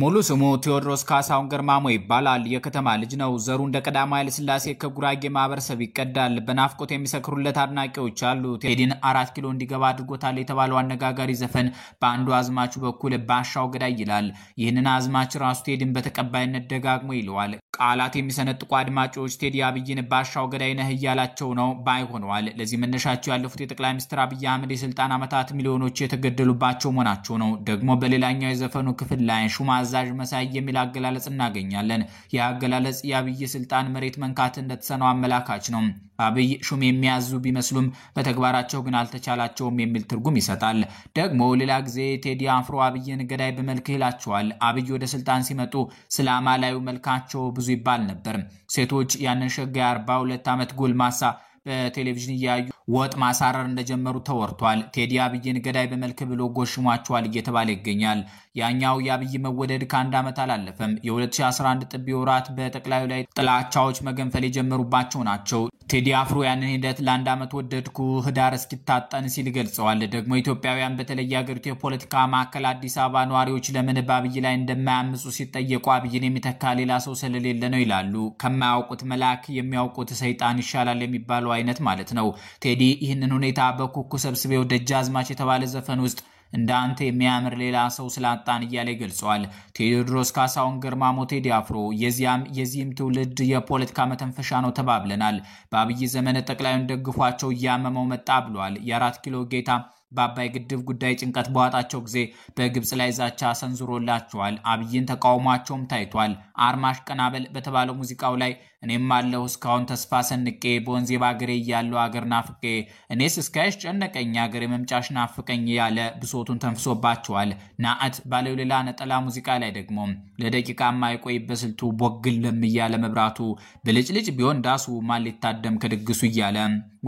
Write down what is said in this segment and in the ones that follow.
ሙሉ ስሙ ቴዎድሮስ ካሳሁን ገርማሞ ይባላል። የከተማ ልጅ ነው። ዘሩ እንደ ቀዳማዊ ኃይለ ሥላሴ ከጉራጌ ማህበረሰብ ይቀዳል። በናፍቆት የሚሰክሩለት አድናቂዎች አሉት። ቴዲን አራት ኪሎ እንዲገባ አድርጎታል የተባለው አነጋጋሪ ዘፈን በአንዱ አዝማቹ በኩል ባሻው ገዳይ ይላል። ይህንን አዝማች ራሱ ቴዲን በተቀባይነት ደጋግሞ ይለዋል። ቃላት የሚሰነጥቁ አድማጮች ቴዲ አብይን ባሻው ገዳይ ነህ እያላቸው ነው ባይ ሆነዋል። ለዚህ መነሻቸው ያለፉት የጠቅላይ ሚኒስትር አብይ አህመድ የስልጣን ዓመታት ሚሊዮኖች የተገደሉባቸው መሆናቸው ነው። ደግሞ በሌላኛው የዘፈኑ ክፍል ላይ ሹማ አዛዥ መሳይ የሚል አገላለጽ እናገኛለን። ይህ አገላለጽ የአብይ ስልጣን መሬት መንካት እንደተሰነው አመላካች ነው። አብይ ሹም የሚያዙ ቢመስሉም በተግባራቸው ግን አልተቻላቸውም የሚል ትርጉም ይሰጣል። ደግሞ ሌላ ጊዜ ቴዲ አፍሮ አብይን ገዳይ በመልክ ይላቸዋል። አብይ ወደ ስልጣን ሲመጡ ስለ አማላዩ መልካቸው ብዙ ይባል ነበር። ሴቶች ያንን ሸጋ የአርባ ሁለት ዓመት ጎልማሳ በቴሌቪዥን እያዩ ወጥ ማሳረር እንደጀመሩ ተወርቷል። ቴዲ አብይን ገዳይ በመልክ ብሎ ጎሽሟቸዋል እየተባለ ይገኛል። ያኛው የአብይ መወደድ ከአንድ ዓመት አላለፈም። የ2011 ጥቢ ወራት በጠቅላዩ ላይ ጥላቻዎች መገንፈል የጀመሩባቸው ናቸው። ቴዲ አፍሮ ያንን ሂደት ለአንድ ዓመት ወደድኩ ህዳር እስኪታጠን ሲል ገልጸዋል። ደግሞ ኢትዮጵያውያን በተለይ ሀገሪቱ የፖለቲካ ማዕከል አዲስ አበባ ነዋሪዎች ለምን በአብይ ላይ እንደማያምፁ ሲጠየቁ አብይን የሚተካ ሌላ ሰው ስለሌለ ነው ይላሉ። ከማያውቁት መልአክ የሚያውቁት ሰይጣን ይሻላል የሚባለው አይነት ማለት ነው። ቴዲ ይህንን ሁኔታ በኩኩ ሰብስቤው ደጃዝማች የተባለ ዘፈን ውስጥ እንደ አንተ የሚያምር ሌላ ሰው ስላጣን እያለ ገልጿል። ቴዎድሮስ ካሳሁን ግርማ ሞቴ ዲያፍሮ የዚያም የዚህም ትውልድ የፖለቲካ መተንፈሻ ነው ተባብለናል። በአብይ ዘመነ ጠቅላዩን ደግፏቸው እያመመው መጣ ብሏል። የአራት ኪሎ ጌታ በአባይ ግድብ ጉዳይ ጭንቀት በዋጣቸው ጊዜ በግብፅ ላይ ዛቻ ሰንዝሮላቸዋል። አብይን ተቃውሟቸውም ታይቷል። አርማሽ ቀናበል በተባለው ሙዚቃው ላይ እኔም አለሁ እስካሁን ተስፋ ሰንቄ በወንዜ ባገሬ እያለው አገር ናፍቄ እኔስ እስካይሽ ጨነቀኝ አገር የመምጫሽ ናፍቀኝ ያለ ብሶቱን ተንፍሶባቸዋል። ናአት ባለው ሌላ ነጠላ ሙዚቃ ላይ ደግሞ ለደቂቃ ማይቆይ በስልቱ ቦግለም እያለ መብራቱ ብልጭልጭ ቢሆን ዳሱ ማን ሊታደም ከድግሱ እያለ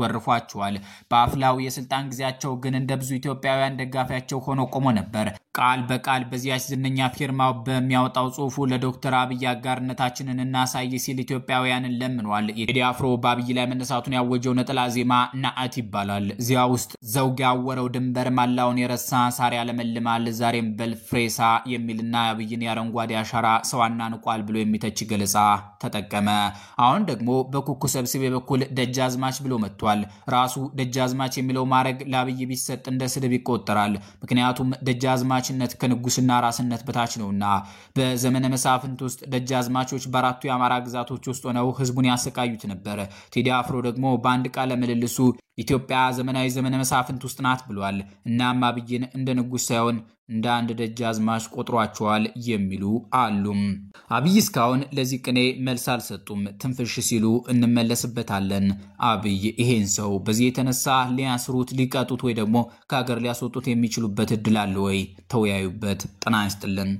ወርፏቸዋል። በአፍላው የስልጣን ጊዜያቸው ግን ለብዙ ኢትዮጵያውያን ደጋፊያቸው ሆኖ ቆሞ ነበር። ቃል በቃል በዚያች ዝነኛ ፊርማ በሚያወጣው ጽሁፉ ለዶክተር አብይ አጋርነታችንን እናሳይ ሲል ኢትዮጵያውያንን ለምኗል። ቴዲ አፍሮ በአብይ ላይ መነሳቱን ያወጀው ነጠላ ዜማ ናአት ይባላል። እዚያ ውስጥ ዘውግ ያወረው ድንበር ማላውን የረሳ ሳር ያለመልማል ዛሬም በልፍሬሳ የሚልና አብይን የአረንጓዴ አሻራ ሰዋና ንቋል ብሎ የሚተች ገለጻ ተጠቀመ። አሁን ደግሞ በኩኩ ሰብስቤ በኩል ደጃዝማች ብሎ መጥቷል። ራሱ ደጃዝማች የሚለው ማድረግ ለአብይ ቢሰጥ እንደ ስድብ ይቆጠራል። ምክንያቱም ደጃዝማች ከበታችነት ከንጉስና ራስነት በታች ነውና በዘመነ መሳፍንት ውስጥ ደጃዝማቾች በአራቱ የአማራ ግዛቶች ውስጥ ሆነው ህዝቡን ያሰቃዩት ነበር። ቴዲ አፍሮ ደግሞ በአንድ ቃለ ምልልሱ ኢትዮጵያ ዘመናዊ ዘመነ መሳፍንት ውስጥ ናት ብሏል። እናም አብይን እንደ ንጉሥ ሳይሆን እንደ አንድ ደጃዝማች ቆጥሯቸዋል የሚሉ አሉም። አብይ እስካሁን ለዚህ ቅኔ መልስ አልሰጡም። ትንፍሽ ሲሉ እንመለስበታለን። አብይ ይሄን ሰው በዚህ የተነሳ ሊያስሩት፣ ሊቀጡት ወይ ደግሞ ከሀገር ሊያስወጡት የሚችሉበት እድል አለ ወይ? ተወያዩበት። ጤና ይስጥልን።